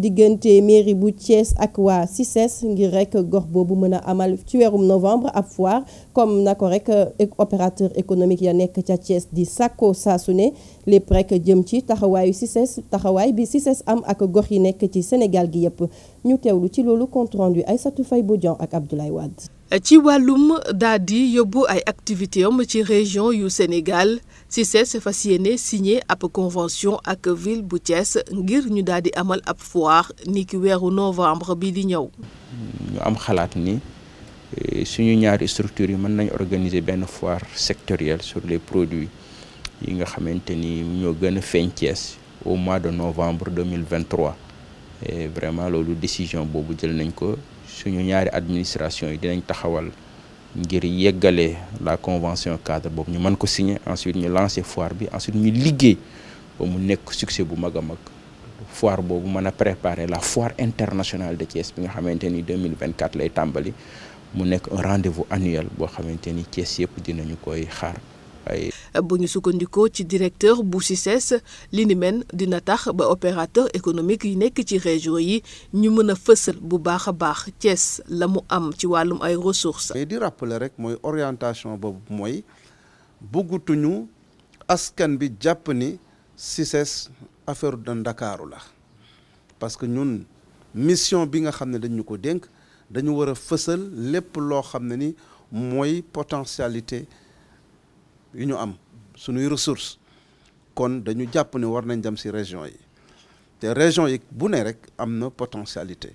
diggante mairie bu Thiès ak waa CICES ngir rek gox boobu mën a amal ci weeru novembre ab foire comme na ko rek eh, opérateur économique ya nekk ca Thiès di sàkko saa su ne lépp rek jëm ci taxawaayu CICES taxawaay bi CICES am ak gox yi nekk ci Sénégal gi yëpp ñu teewlu ci loolu compte rendu Aïssatou bu Bodian ak Abdoulaye Wade ci wàllum daal di yóbbu ay activité am ci région yu Sénégal CICES fas yéene signé ab convention ak ville bu Thiès ngir ñu daal di amal ab foire niki weeru novembre bi di ñëw. ñu am xalaat ni eh, suñu ñaari structures yi mën nañ organiser benn foire sectorielle sur les produits yi nga xamante ni ñoo gën a feeñ Thiès au mois de novembre 2023 et vraiment loolu décision boobu jël nañ ko suñu ñaari administration yi dinañ taxawal ngir yeggale la convention cadre boobu ñu mën ko signer ensuite ñu lancer foire bi ensuite ñu liggéey ba mu nekk succès bu mag a mag foire boobu mën a préparer la foire internationale de ces bi nga xamante ni 2024 lay tàmbali mu nekk un rendez-vous annuel boo xamante ni Thiès yëpp dinañu koy xaar bu ñu sukkandikoo ci directeur bu CICES linimen dina tax ba opérateur économique yi nekk ci région yi ñu mën a fësal bu baax a baax Thiès la mu am ci wàllum ay ressources. mais di rappeler rek mooy orientation boobu mooy bëggatuñu askan bi jàpp ni CICES affaire de Ndakaaru la parce que ñun mission bi nga xam ne dañu ko dénk dañu war a fësal lépp loo xam ne ni mooy potentialité. yu ñu am suñuy ressource kon dañu jàpp ne war nañ dem ci région yi te région yi bu nee rek am na potentialité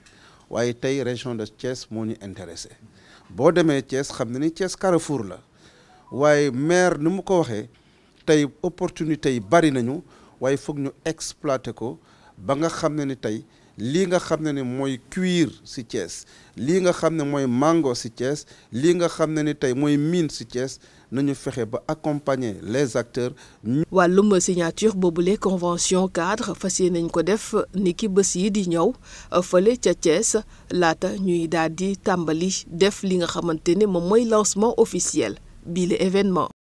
waaye tey région de Thiès moo ñu intéressé boo demee Thiès xam na ni Thiès Carrefour la waaye maire nu mu ko waxee tey opportunité yi bari nañu waaye foog ñu exploiter ko ba nga xam ne ni tey lii nga xam ne ni mooy cuir si Thiès lii nga xam ne mooy mango si Thiès lii nga xam ne ni tey mooy mine si Thiès nañu fexe ba accompagner les acteurs. wàllum signature boobule convention cadre fas yéene nañ ko def ni ki bés yi di ñëw euh, fële ca Thiès laata ñuy daal di tàmbali def li nga xamante ne moom mooy lancement officiel bii le événement.